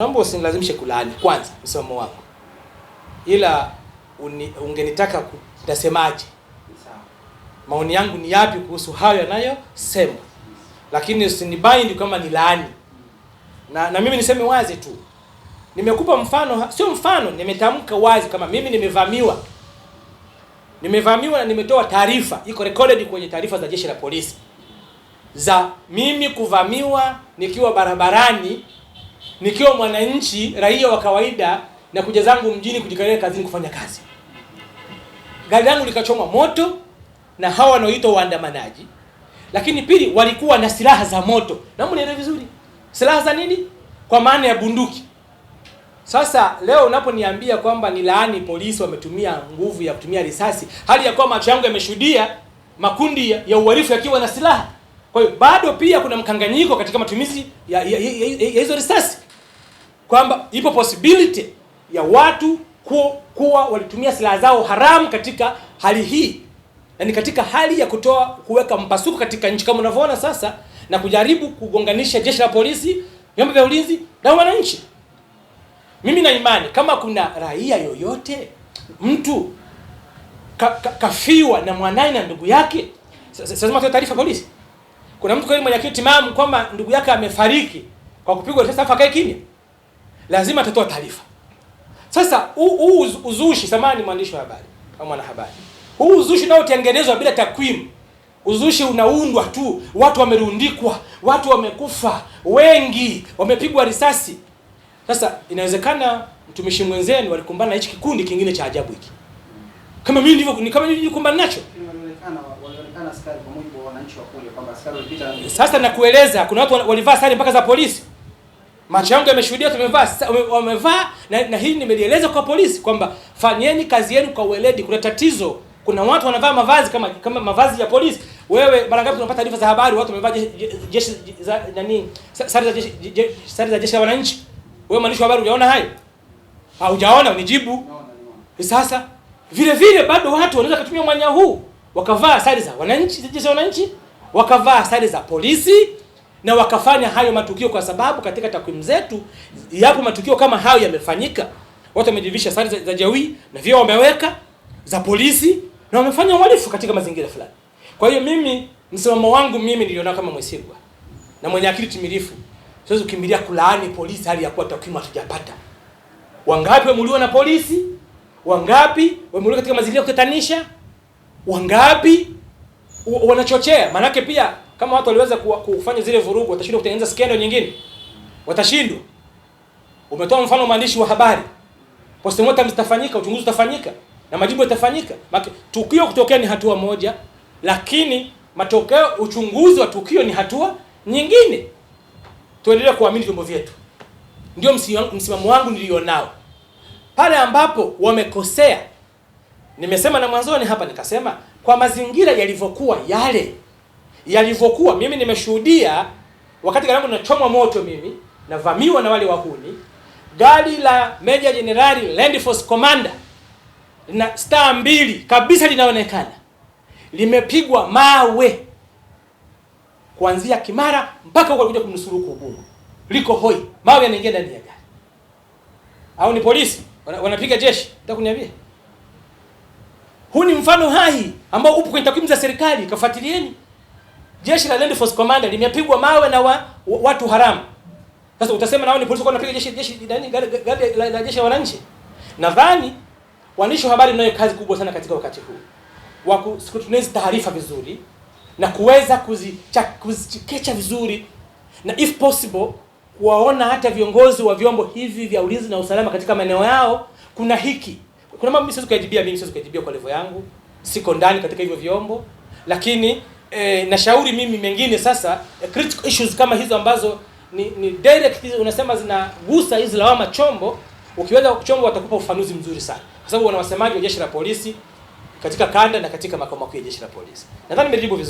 Naomba usinilazimishe kulaani kwanza msimamo wako, ila ungenitaka kutasemaje, maoni yangu ni yapi kuhusu hayo yanayosema lakini usinibind kama ni laani. Na, na mimi niseme wazi tu, nimekupa mfano, sio mfano, nimetamka wazi kama mimi nimevamiwa, nimevamiwa na nimetoa taarifa, iko recorded kwenye taarifa za jeshi la polisi za mimi kuvamiwa nikiwa barabarani nikiwa mwananchi raia wa kawaida na kuja zangu mjini kujikalia kazini kufanya kazi, gari langu likachomwa moto na hawa wanaoitwa waandamanaji. Lakini pili, walikuwa na silaha za moto, naomba nielewe vizuri, silaha za nini? Kwa maana ya bunduki. Sasa leo unaponiambia kwamba ni laani polisi wametumia nguvu ya kutumia risasi, hali ya kuwa macho yangu yameshuhudia makundi ya uhalifu yakiwa na silaha. Kwa hiyo bado pia kuna mkanganyiko katika matumizi ya hizo risasi kwamba ipo possibility ya watu kuwa, kuwa walitumia silaha zao haramu katika hali hii, na ni katika hali ya kutoa kuweka mpasuko katika nchi kama unavyoona sasa, na kujaribu kugonganisha jeshi la polisi, vyombo vya ulinzi na wananchi. Mimi na imani kama kuna raia yoyote mtu ka, ka, kafiwa na mwanai na ndugu yake, lazima tuwe taarifa polisi. Kuna mtu kwa mwenye akili kwamba ndugu yake amefariki kwa kupigwa risasi, afa kae kimya? lazima atatoa taarifa. Sasa huu uzushi, samani mwandishi wa habari au mwanahabari, huu uzushi unaotengenezwa bila takwimu, uzushi unaundwa tu, watu wamerundikwa, watu wamekufa wengi, wamepigwa risasi. Sasa inawezekana mtumishi mwenzenu alikumbana na hichi kikundi kingine cha ajabu hiki, kama mimi ndivyo ni kama mimi nilikumbana nacho. Sasa nakueleza, kuna watu walivaa sare mpaka za polisi macho yangu yameshuhudia tumevaa wamevaa na, na hii nimelieleza kwa polisi kwamba fanyeni kazi yenu kwa uweledi. Kuna tatizo, kuna watu wanavaa mavazi kama kama mavazi ya polisi. Wewe mara ngapi tunapata taarifa za habari watu wamevaa jeshi za nani, sare za jeshi, sare za jeshi la wananchi? Wewe mwandishi wa habari unaona hayo? Haujaona, unijibu. Sasa vile vile bado watu wanaweza kutumia mwanya huu wakavaa sare za wananchi, jeshi la wananchi, wakavaa sare za polisi na wakafanya hayo matukio, kwa sababu katika takwimu zetu yapo matukio kama hayo yamefanyika. Watu wamejivisha sare za, za jeshi na vyeo wameweka za polisi na wamefanya uhalifu katika mazingira fulani. Kwa hiyo mimi msimamo wangu mimi niliona kama Mwesigwa na mwenye akili timilifu, siwezi kukimbilia kulaani polisi hali ya kuwa takwimu hatujapata. Wangapi wameuliwa na polisi? Wangapi wameuliwa katika mazingira ya kutatanisha? Wangapi wanachochea. Maanake pia kama watu waliweza kufanya zile vurugu, watashindwa kutengeneza skendo nyingine, watashindwa. Umetoa mfano mwandishi wa habari, postmortem zitafanyika, uchunguzi utafanyika na majibu yatafanyika. Maana tukio kutokea ni hatua moja, lakini matokeo, uchunguzi wa tukio ni hatua nyingine. Tuendelee kuamini vyombo vyetu, ndio msimamo wangu nilionao. Pale ambapo wamekosea Nimesema na mwanzoni hapa nikasema kwa mazingira yalivyokuwa yale yalivyokuwa, mimi nimeshuhudia wakati gari langu linachomwa moto, mimi navamiwa na wale wahuni, gari la Major General Land Force Commander na star mbili kabisa linaonekana limepigwa mawe kuanzia Kimara mpaka huko alikuja kumnusuru huko Kubungo, liko hoi, mawe yanaingia ndani ya gari. Au ni polisi wanapiga jeshi? Nataka kuniambia huu ni mfano hai ambao upo kwenye takwimu za serikali, kafuatilieni. Jeshi la Land Force Command limepigwa mawe na wa, wa, watu haramu. Sasa utasema ni polisi kwa napiga jeshi jeshi ndani gari la jeshi la wananchi. Nadhani waandishi wa habari mnayo kazi kubwa sana katika wakati huu wa kuscrutinize taarifa vizuri na kuweza kuzichekecha vizuri na if possible kuwaona hata viongozi wa vyombo hivi vya ulinzi na usalama katika maeneo yao kuna hiki kuna mambo mimi siwezi mimi siwezi kujibia kwa level yangu, siko ndani katika hivyo vyombo, lakini e, nashauri mimi mengine sasa e, critical issues kama hizo ambazo ni, ni direct unasema zinagusa hizi lawama chombo, ukiweza chombo watakupa ufanuzi mzuri sana, kwa sababu wana wasemaji wa jeshi la polisi katika kanda na katika makao makuu ya jeshi la polisi. Nadhani nimejibu vizuri.